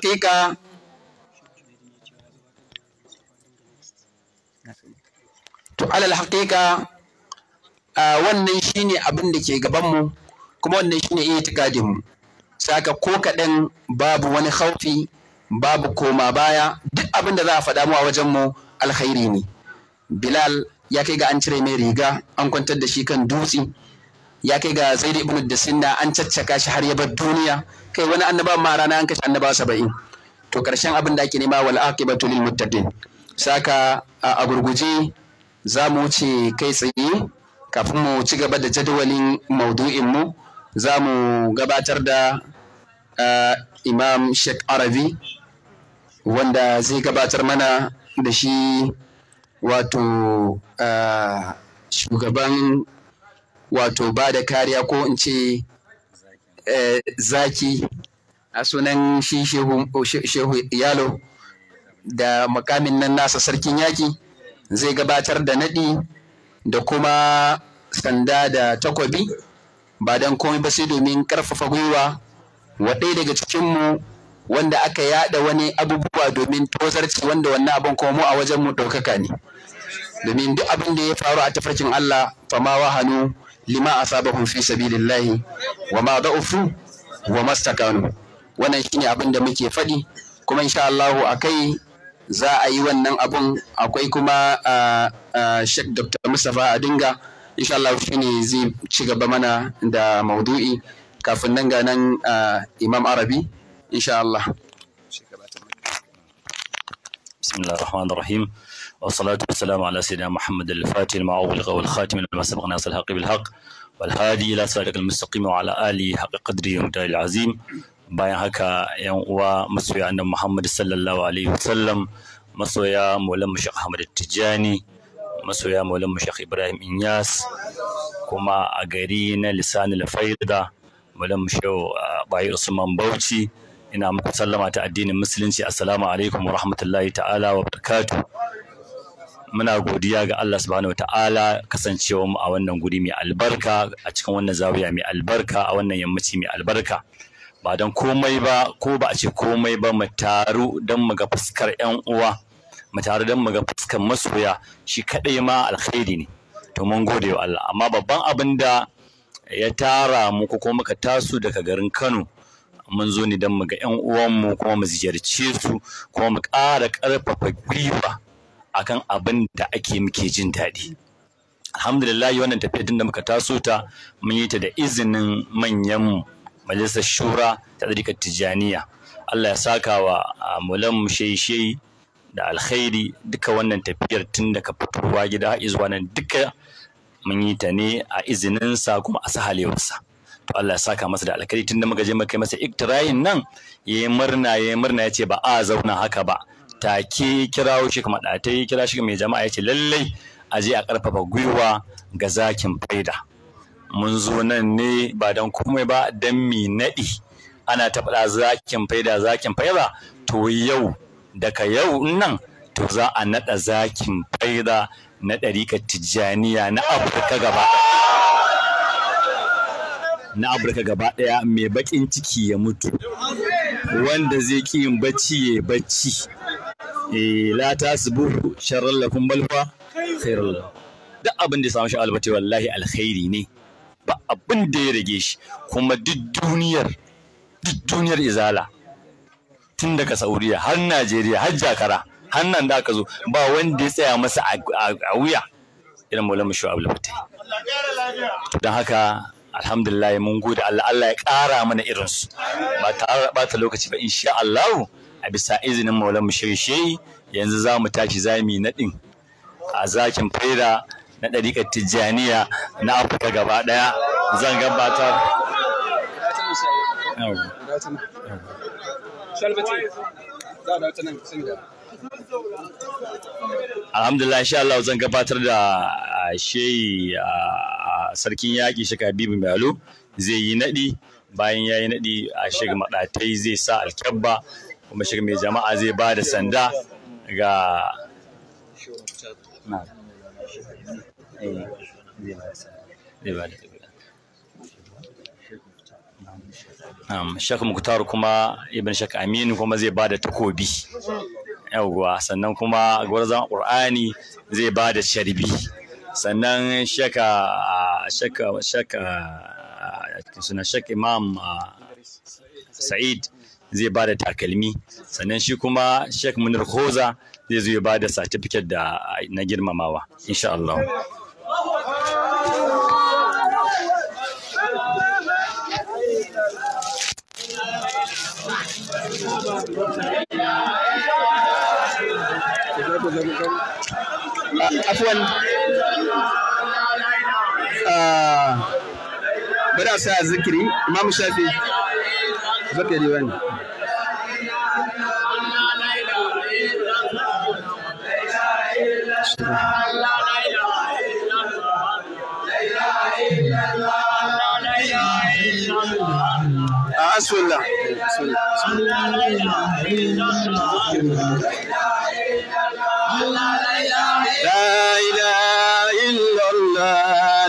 to alal hakika wannan shine abin da ke gabanmu kuma wannan shine itikadin mu saka ko kaɗan babu wani haufi babu koma baya duk abin da za a faɗa mu a wajen mu alkhairi ne bilal ya kai ga an cire mai riga an kwantar da shi kan dutse ya kai ga zaid ibn da sinna an caccaka shi har ya bar duniya kai wani annaba ma rana an kashe annaba saba'in to karshen abin da ake nema wal aqibatu lil muttaqin saka a gurguje za mu wuce kai tsaye kafin mu ci gaba da jadawalin maudu'in mu za mu gabatar da imam sheikh arabi wanda zai gabatar mana da shi wato shugaban wato ba da kariya ko in ce Eh, zaki a sunan shi shehu yalo da makamin nan nasa sarkin yaki zai gabatar da naɗi da kuma sanda da takobi ba don komai ba sai domin karfafa gwiwa wa ɗaya daga cikinmu wanda aka yada wani abubuwa domin tozarci wanda wannan abin komo a wajenmu ɗaukaka ne domin duk abin da ya faru a tafarkin Allah fama hannu. lima asabahum fi sabilillahi wa ma da'ufu wa mastakanu wannan shine abin da muke faɗi kuma insha a akai za a yi wannan abun akwai kuma Sheikh Dr. Mustapha Adinga insha Allah shine zai ci gaba mana da maudu'i kafin nan ga nan Imam Arabi insha Allah بسم الله الرحمن الرحيم والصلاة والسلام على سيدنا محمد الفاتح المع أغلق والخاتم لما سبق ناصر الحق بالحق والهادي إلى صراط المستقيم وعلى آله حق قدره ومقداره العظيم bayan haka yan uwa masoya annabi Muhammad sallallahu alaihi wasallam masoya Maulana Mushaq Ahmad Tijani masoya Maulana Mushaq Ibrahim Inyas kuma a gari na Lisanul Faida Maulana Mushaq Bayi Usman Bauchi ina muku sallama ta addinin musulunci assalamu alaikum wa rahmatullahi ta'ala wa barakatuh muna godiya ga Allah subhanahu ta'ala kasancewa mu a wannan guri mai albarka a cikin wannan zawiya mai albarka a wannan yammaci mai albarka ba don komai ba ko ba a ce komai ba mu taru don mu ga fuskar yan uwa mu taru don mu ga fuskar masoya shi kadai ma alkhairi ne to mun gode wa Allah amma babban abin da ya tara mu ko kuma muka taso daga garin Kano mun zo ne don mu ga 'yan mu kuma mu ziyarce su kuma mu ƙara ƙarfafa gwiwa akan abin da ake muke jin daɗi alhamdulillah wannan tafiya da muka taso ta mun yi ta da izinin manyan majalisar shura ta tsarika tijaniya Allah ya saka wa mulan shai da alkhairi duka wannan tafiyar tun daga fitowa gida zuwa nan duka mun yi ta ne a izinin sa kuma a sahalewarsa to Allah ya saka masa da alkhairi tun da muka je muka kai masa iktirayin nan yayi murna yayi murna ya ce ba a zauna haka ba take kirawo shi kuma ɗatai kira shi mai jama'a ya lallai a je a ƙarfafa gwiwa ga zakin faida mun zo nan ne ba don komai ba don mi naɗi ana ta faɗa zakin faida zakin faida to yau daga yau nan to za a naɗa zakin faida na ɗarika tijjaniya na afirka gaba na afirka gaba ɗaya mai baƙin ciki ya mutu wanda zai ƙi yin bacci ya bacci Eh, la tasbu sharar lakum balfa khairul duk abin da ya samu shi albati wallahi alkhairi ne ba abin da ya rage shi kuma duk duniyar duk duniyar izala tun daga Saudiya har Najeriya har Jakara har nan da aka zo ba wanda ya tsaya masa a wuya irin Maulana Shu'aib Lafatai to Don haka alhamdulillah mun gode Allah Allah ya ƙara mana irinsu ba ta lokaci ba insha Allah a bisa izinin maulan shirshe yanzu za mu tashi zami naɗin a zakin faira na ɗariƙar tijjaniya na afirka gaba ɗaya zan gabatar alhamdulillah insha Allah zan gabatar da shehi a sarkin yaƙi shaka bibi mai zai yi naɗi bayan ya yi naɗi a shiga maɗatai zai sa alkyabba kuma shi mai jama'a zai ba da sanda ga Shek Muktar kuma Ibn Shek Aminu kuma zai ba da takobi. yauwa sannan kuma gwarzon Ƙur'ani zai ba da sharbi. Sannan shaka shaka shaka suna shek Imam ah, Sa'id zai ba da takalmi sannan shi kuma Sheikh Munir Hoza zai zo ya ba da certificate da ah, na girmamawa insha Allah Afwan ah, bada a sa zikiri Imam Shafi zakari wani بسم الله بسم الله لا إله إلا الله لا إله إلا الله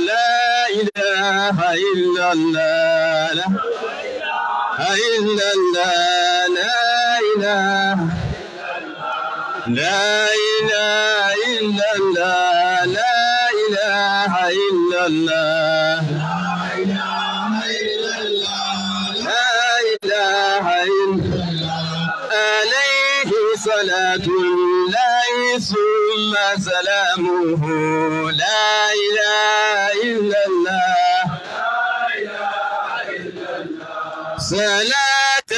لا إله إلا الله لا إله الا الله لا إله إلا الله لا إله إلا الله لا إله إلا الله صلاة الله ثم سلامه لا إله إلا الله صلاة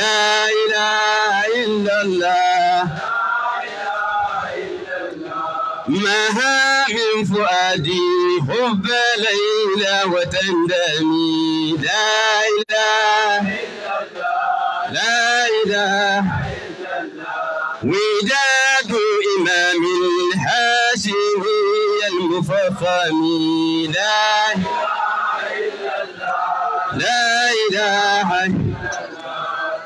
لا إله إلا الله مها من فؤادي حب ليلى وتندمي لا إله لا إله وداد إمام الهاشمي المفخم لا لا إله إلا الله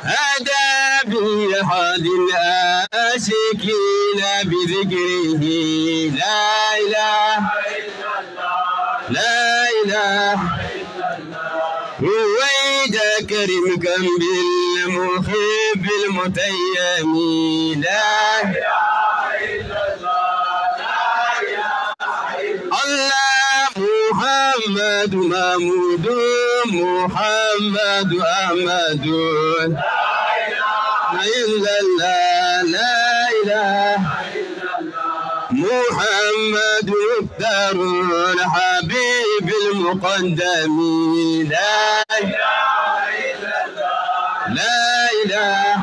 هدى بحاد الآشكين بذكره لا إله لا إله الله كريم كريمكم بالمخيم متيمي لا الله محمد محمود محمد أحمد لا إله إلا الله لا إله إلا الله محمد مختار الحبيب المقدمين لا إله إلا الله لا إله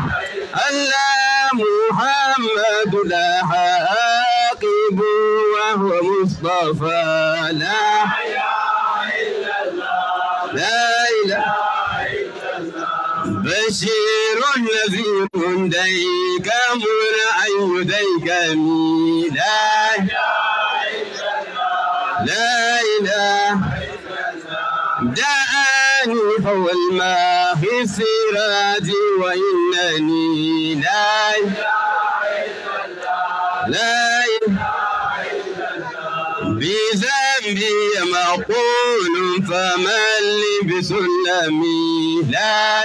لا عاقب وهو مصطفى لا لا إله إلا الله بشير نذير ديك من أن يديك ميلا لا إله دعاني هو الماء في السراج وإنني لا إله لا بذنبي مقول فمن لي بسلمي لا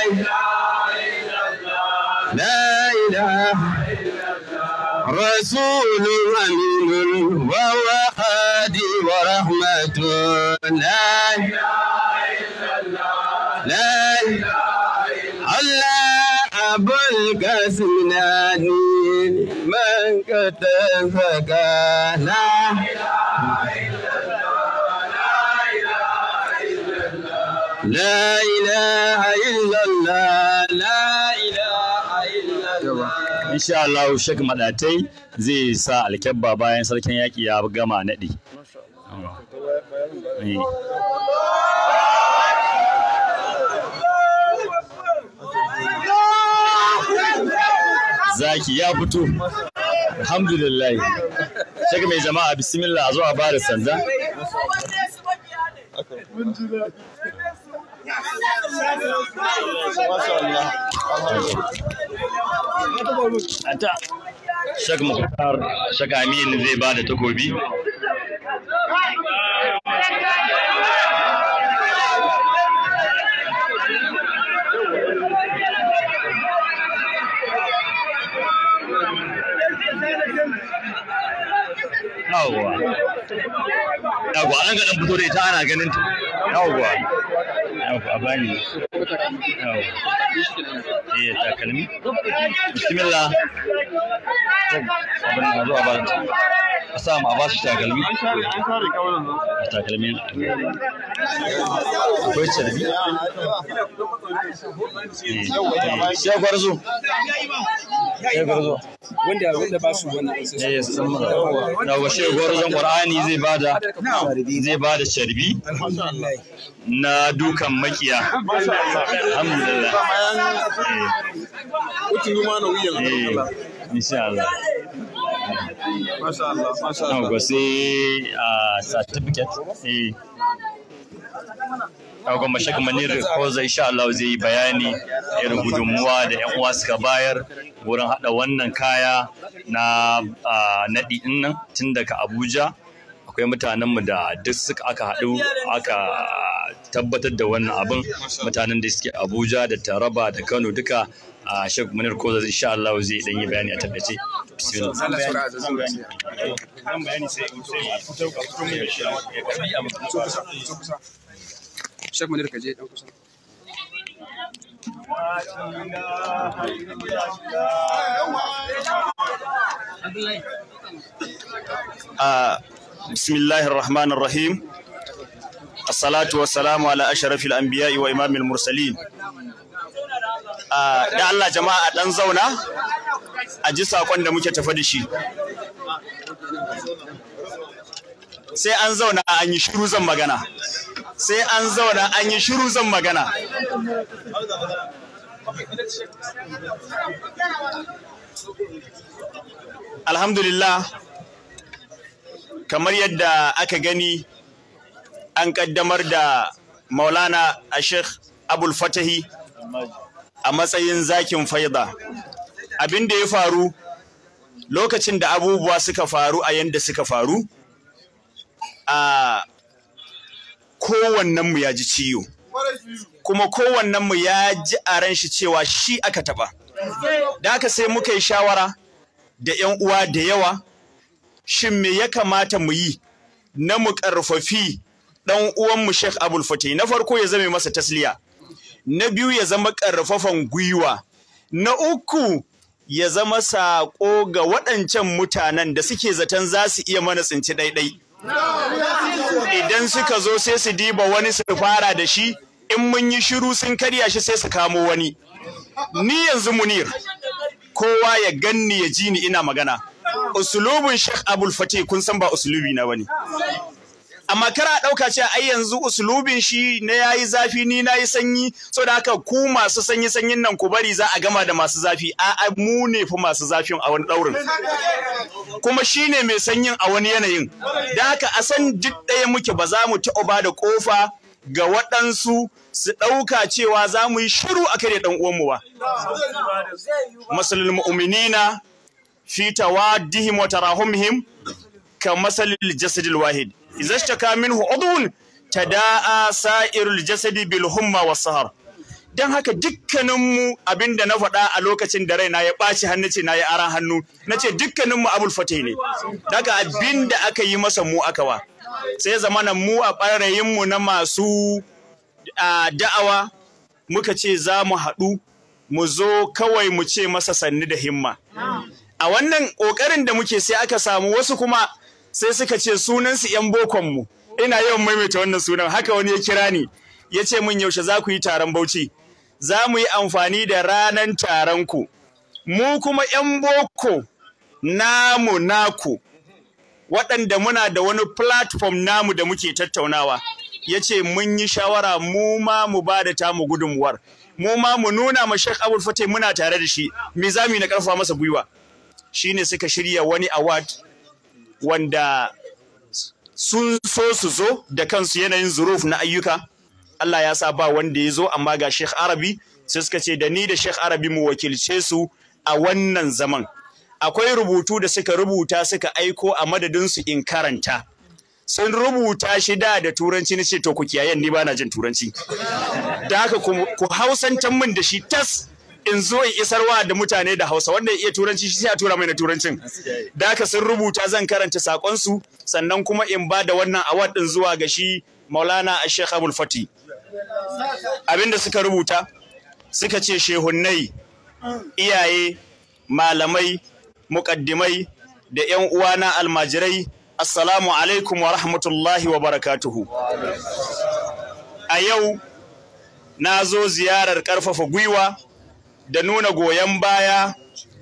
لا إله رسول أمين وهو هادي ورحمة لا لا الله أبو القاسم ناني من قد فقانا لا إله إلا الله لا إله إلا الله إن شاء الله شك مداتي زي سا الكبة باين سلكن ياكي يا بغما ندي zaki ya fito alhamdulillah shaka mai jama'a bismillah a zuwa bada sanda Shaka Mukhtar, Shaka Amin zai bada takobi. an ga dan fito da ita ana ganin ta yawwa yawwa bani yawwa eh kalmi bismillah abin da zuwa ba a sa ma ba shi ta kalmi su takalmi a takalmi akwai carbi eh, eh. sai gwarzo sai gwarzo wanda wanda ba su wannan sai su san mana na washe gwarzon qur'ani zai bada zai bada sharbi na dukan makiya alhamdulillah eh. utulu na wuyan Allah eh, insha Allah Masha Allah, Masha Allah. go see ah, certificate. See. Eh. kagon shakka manir kozai sha Allah zai yi bayani irin gudunmuwa da yan uwa suka bayar wurin hada wannan kaya na nadi nan tun daga Abuja akwai mutanen mu da duk suka aka hadu aka tabbatar da wannan abin mutanen da suke Abuja da Taraba da Kano duka a Sheikh Munir Koza insha Allah zai dan yi bayani a tabbace bismillah Shek Munir dan kusa. Ah, Bismillahir Rahmanir Rahim. Assalatu wassalamu ala ashrafil anbiya'i wa imamil mursalin. Ah, da Allah jama'a dan zauna a ji sakon da muke tafa da shi. Sai an zauna an yi shiru zan magana. sai an zauna an yi shiru zan magana alhamdulillah kamar yadda aka gani an kaddamar da maulana a sheikh abul fatahi a matsayin zakin faida abin da ya faru lokacin da abubuwa suka faru a yadda suka faru a kowannenmu mu ya ji ciwo kuma kowannen mu ya ji a ran shi cewa shi aka taɓa. da haka sai muka yi shawara da yan uwa da yawa shin me ya kamata mu yi na mu ƙarfafi ɗan uwanmu Sheikh Abul Fatih na farko ya zame masa tasliya na biyu ya zama ƙarfafan gwiwa na uku ya zama saƙo ga waɗancan mutanen da suke zaton za su iya mana tsinci ɗaiɗai. idan suka zo sai su diba wani su fara da shi in mun yi shiru sun karya shi sai su kamo wani ni yanzu munir kowa ya ganni ya ji ni ina magana usulubin Sheikh Abul Fatih kun san ba usulubi na bane amma kar a ɗauka cewa a yanzu usulubin shi na yayi zafi ni nayi sanyi da haka ku masu sanyi sanyin nan ku bari za a gama da masu zafi a mu ne fa masu zafin a wani ɗaurin kuma shine mai sanyin a wani yanayin da haka a san duk ɗaya muke ba za mu taɓa ba da ƙofa ga waɗansu su ɗauka cewa za mu yi shiru a kare ɗan uwanmu ba. Masalul mu'minina fi tawaddihim wa tarahumhim ka masalul jasadil wahid. idza ishtaka minhu udhun tada'a sa'irul jasadi bil humma dan haka dukkaninmu abinda na faɗa a lokacin da raina ya ɓaci hannu ce na yi aran hannu na ce dukkaninmu abul fate ne daga abinda aka yi masa mu aka wa sai zamanan mu a ɓarayinmu na masu da'awa muka ce za mu haɗu mu zo kawai mu ce masa sannu da himma a wannan ƙoƙarin da muke sai aka samu wasu kuma sai suka ce sunansu yan bokonmu, ina yawan maimaita wannan sunan haka wani ya kira ni ya ce min yaushe za ku yi taron bauchi za mu yi amfani da ranan taron ku mu kuma yan boko namu naku waɗanda muna da wani platform namu da muke tattaunawa ya ce mun yi shawara mu ma mu ba da tamu gudunmuwar mu ma mu nuna ma Sheikh Abul Fatai muna tare da shi Me za mu yi na karfa masa gwiwa Shi ne suka shirya wani award wanda sun so su zo da kansu yanayin zuruf na ayyuka Allah ya sa ba wanda ya zo amma ga Sheikh Arabi sai suka ce da ni da Sheikh Arabi mu wakilce su a wannan zaman akwai rubutu da suka rubuta suka aiko a madadin su in karanta sun rubuta shi da da turanci na ce to ku kiyayen ni ba na jin turanci da haka ku hausantan min da shi tas in zo in isarwa da mutane da Hausa wanda ya iya turanci shi sai a tura mai na turancin da haka sun rubuta zan karanta sakon su sannan kuma in ba da wannan award din zuwa ga shi Maulana Sheikh Abul Fati abinda suka rubuta suka ce shehunnai iyaye malamai muƙaddimai da 'yan uwana almajirai assalamu alaikum wa rahmatullahi wa barakatuhu a yau na zo ziyarar ƙarfafa gwiwa da nuna goyon baya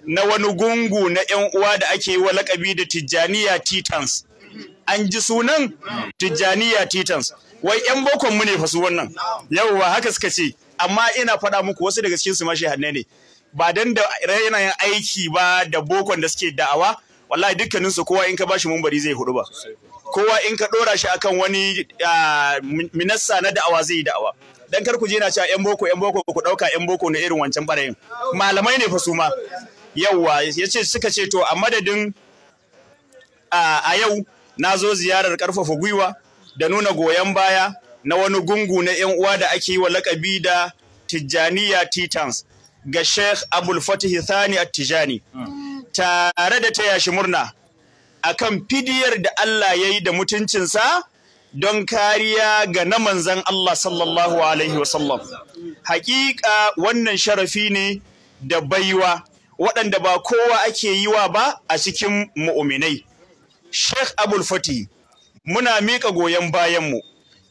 na wani gungu na 'yan uwa da ake yi wa lakabi da Tijjaniya Titans. An ji sunan Tijjaniya Titans. Wai 'yan bokon mu ne fa wannan? Yau Yawwa haka suka ce, amma ina faɗa muku wasu daga cikin su mashi hannu ne. Ba dan da yanayin aiki ba da bokon da suke da'awa, wallahi dukkanin su kowa in ka bashi mumbari zai hudu ba. Kowa in ka ɗora shi akan wani ah, minassa na da'awa zai yi da'awa. dan kar ku je na cewa yan boko yan boko ku dauka yan boko na irin wancan barayin malamai ne fa su ma yawwa yace suka ce to a madadin a yau na zo ziyarar karfafa gwiwa da nuna goyon baya na wani gungu na yan uwa da ake yi wa lakabi da Tijjaniya Titans ga Sheikh Abul Fatih Thani At-Tijani tare da taya shi murna akan fidiyar da Allah ya yi da mutuncinsa don kariya ga na manzan Allah sallallahu alaihi wasallam hakika wannan sharafi ne da baiwa waɗanda ba kowa ake yi wa ba a cikin mu'uminai Sheikh Abul Fati muna miƙa goyon bayanmu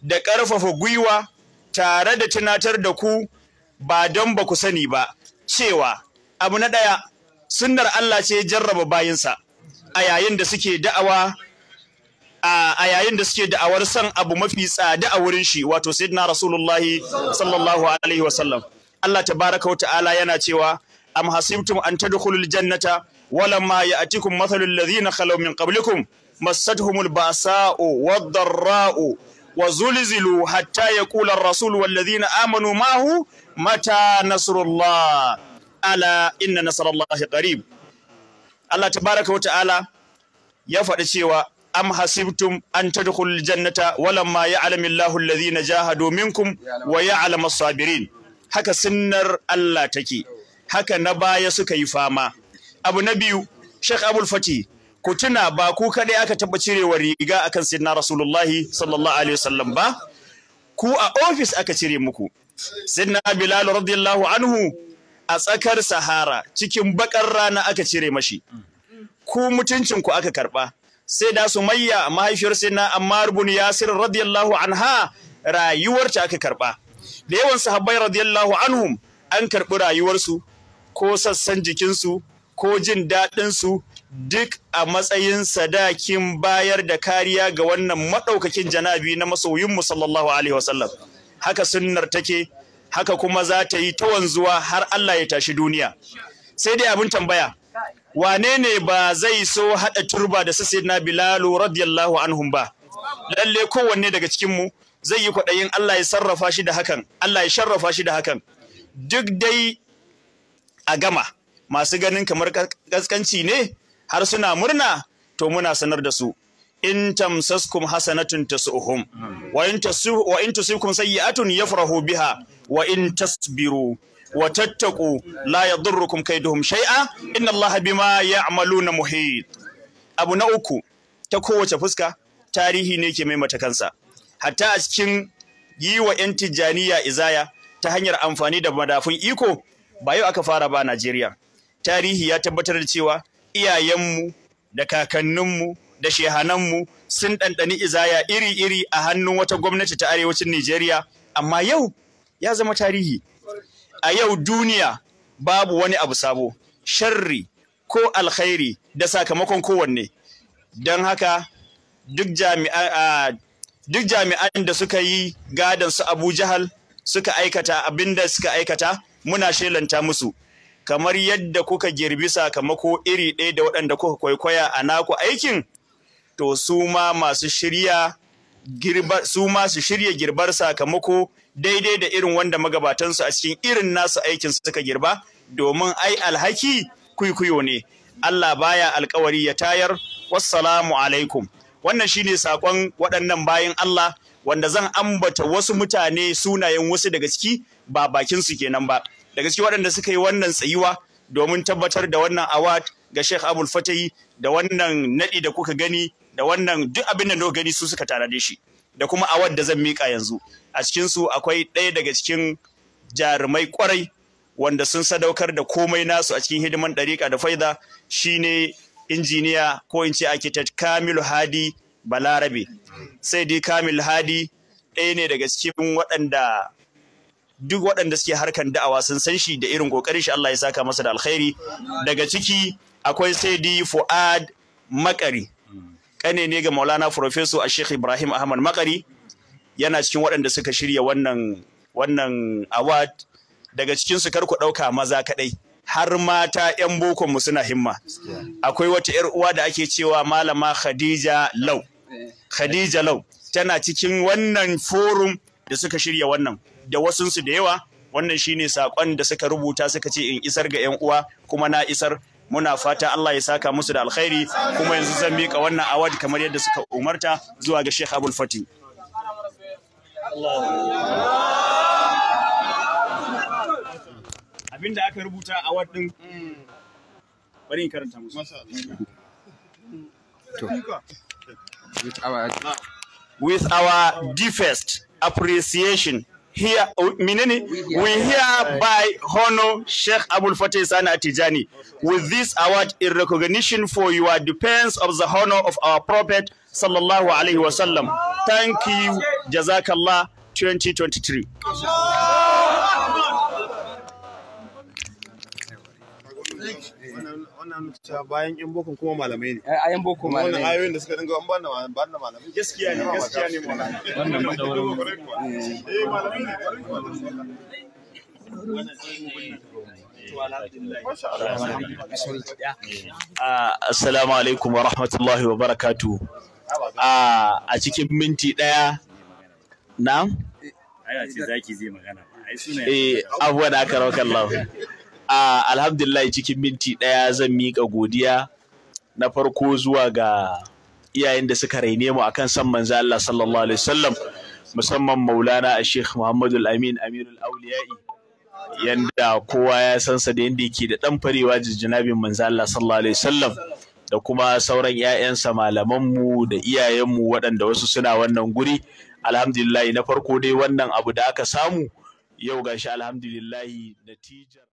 da ƙarfafa gwiwa tare da tunatar da ku ba don ba ku sani ba cewa abu na ɗaya sunnar Allah ce jarraba bayansa a yayin da suke da'awa a yayin da suke da'awar san abu mafi tsada a wurin shi wato sayyidina rasulullahi sallallahu alaihi wa sallam. Allah tabaraka wa ta'ala yana cewa am hasibtum an tadkhulul jannata ma ya'tikum mathalul ladhina khalaw min qablikum massatuhumul ba'sa'u wad yaqula ar-rasul wal ladhina amanu ma hu mata nasrullah ala inna nasrallahi qarib Allah قريب wa ta'ala ya faɗi cewa. am hasibtum an tadkhul jannata walamma ya'lamu Allahu alladhina jahadu minkum wa ya'lamu as-sabirin haka sunnar Allah take haka na baya suka yi fama abu na biyu Sheikh Abdul Fati ku tuna ba ku kaɗai aka taba cirewa riga akan sayyidina Rasulullahi sallallahu alaihi wasallam ba ku a office aka cire muku sunna Bilal radiyallahu anhu a tsakar Sahara cikin bakar rana aka cire mashi ku mutuncin ku aka karba sai da mayya, mahaifiyar na Ammar bin Yasir radiyallahu anha rayuwarta aka karba da yawan sahabbai radiyallahu anhum an karbi rayuwarsu ko sassan jikinsu ko jin daɗinsu duk a matsayin sadakin bayar da kariya ga wannan maɗaukakin janabi na masoyinmu sallallahu alaihi wasallam haka sunnar take haka kuma za ta yi ta wanzuwa har Allah ya tashi duniya sai dai abin tambaya wane ne ba zai so haɗa turba da su na bilalu radiyallahu anhum ba lalle kowanne daga cikin mu zai yi kwaɗayin Allah ya sarrafa shi da hakan Allah ya sharrafa shi da hakan duk dai a gama masu ganin kamar kaskanci ne har suna murna to muna sanar da su in tamsaskum hasanatun tasuhum wa in tasuhum wa in tusibkum sayyi'atun yafrahu biha wa in tasbiru wa tattaku la kai kaiduhum shay'a inna bi allaha bima ya'maluna muhit abu na uku ta kowace fuska tarihi ne ke maimata kansa hatta a cikin yi wa 'yan tijjaniya izaya ta hanyar amfani da madafun iko ba yau aka fara ba Najeriya. Tarihi ya tabbatar da cewa iyayenmu da kakanninmu da shehananmu sun ɗanɗani izaya iri-iri a hannun wata gwamnati ta arewacin Nijeriya, amma yau ya zama tarihi. a yau duniya babu wani abu sabo sharri ko alkhairi da sakamakon kowanne don haka duk jami'an da suka yi gadon su Abu Jahal suka aikata abin da suka aikata muna shelanta musu kamar yadda kuka girbi sakamako iri ɗaya da waɗanda kuka kwaikwaya a naku aikin to su ma masu shirya su ma su shirya girbar sakamako daidai da irin wanda magabatansu a cikin irin nasu aikin suka girba domin ai alhaki kuikuyo ne Allah baya alkawari ya tayar wassalamu alaikum wannan shine sakon waɗannan bayan Allah wanda zan ambata wasu mutane sunayen wasu daga ciki ba bakinsu su kenan ba daga ciki waɗanda suka yi wannan tsayuwa domin tabbatar da wannan award ga Sheikh Abul Fatayi da wannan nadi da kuka gani da wannan duk abin da no gani su suka tanade shi da kuma a da zan mika yanzu a cikin su akwai ɗaya daga cikin jarumai kwarai wanda sun sadaukar da komai nasu a cikin hidiman ɗariƙa da faida shine injiniya ko in ce architect Kamilu Hadi Balarabe sai dai Kamil Hadi ɗaya ne daga cikin waɗanda duk waɗanda suke harkan da'awa sun san shi da irin ƙoƙarin shi Allah ya saka masa da alkhairi daga ciki akwai sai dai Fuad Makari ƙane ne ga Maulana a Sheikh Ibrahim Ahmad Makari yana cikin waɗanda suka shirya wannan wannan award daga cikin su karku ɗauka maza kaɗai har mata ƴan boko mu suna himma akwai wata 'yar uwa da ake cewa malama Khadija Lau Khadija Lau tana cikin wannan forum da suka shirya wannan da wasunsu da yawa wannan shine sakon da suka rubuta suka ce in isar ga 'yan uwa kuma na isar muna fata Allah ya saka musu da alkhairi kuma yanzu zan mika wannan award kamar yadda suka umarta zuwa ga Sheikh Abdul Fati abinda aka rubuta a award din bari in karanta musu with our deepest appreciation hear uh, menene we hereby by honor Sheikh Abul Fateh Sani Atijani with this award in recognition for your defense of the honor of our prophet sallallahu alaihi wasallam thank you jazakallah 2023 wannan ta bayan yan boko kuma malamai ne a yan boko malamai wannan ayoyin da suka dinga an banda banda malamai gaskiya ne gaskiya ne malamai wannan madawarin eh malamai ne ah, Assalamu alaikum wa rahmatullahi wa barakatu. Ah, a cikin minti ɗaya na? Ayo ce zaki zai magana. Eh, abuwa da aka raukan lau. Uh, alhamdulillah cikin minti ɗaya zan miƙa godiya na farko zuwa ga iyayen da suka raine mu akan san manzo Allah sallallahu alaihi wasallam musamman maulana a sheikh muhammadul amin amirul auliya'i yanda kowa ya san sa da yanda yake da dan farewa jinabin manzo Allah sallallahu alaihi wasallam da kuma sauran ƴaƴansa malaman mu da iyayen mu waɗanda wasu suna wannan guri alhamdulillah na farko dai wannan abu da aka samu yau gashi alhamdulillah natijar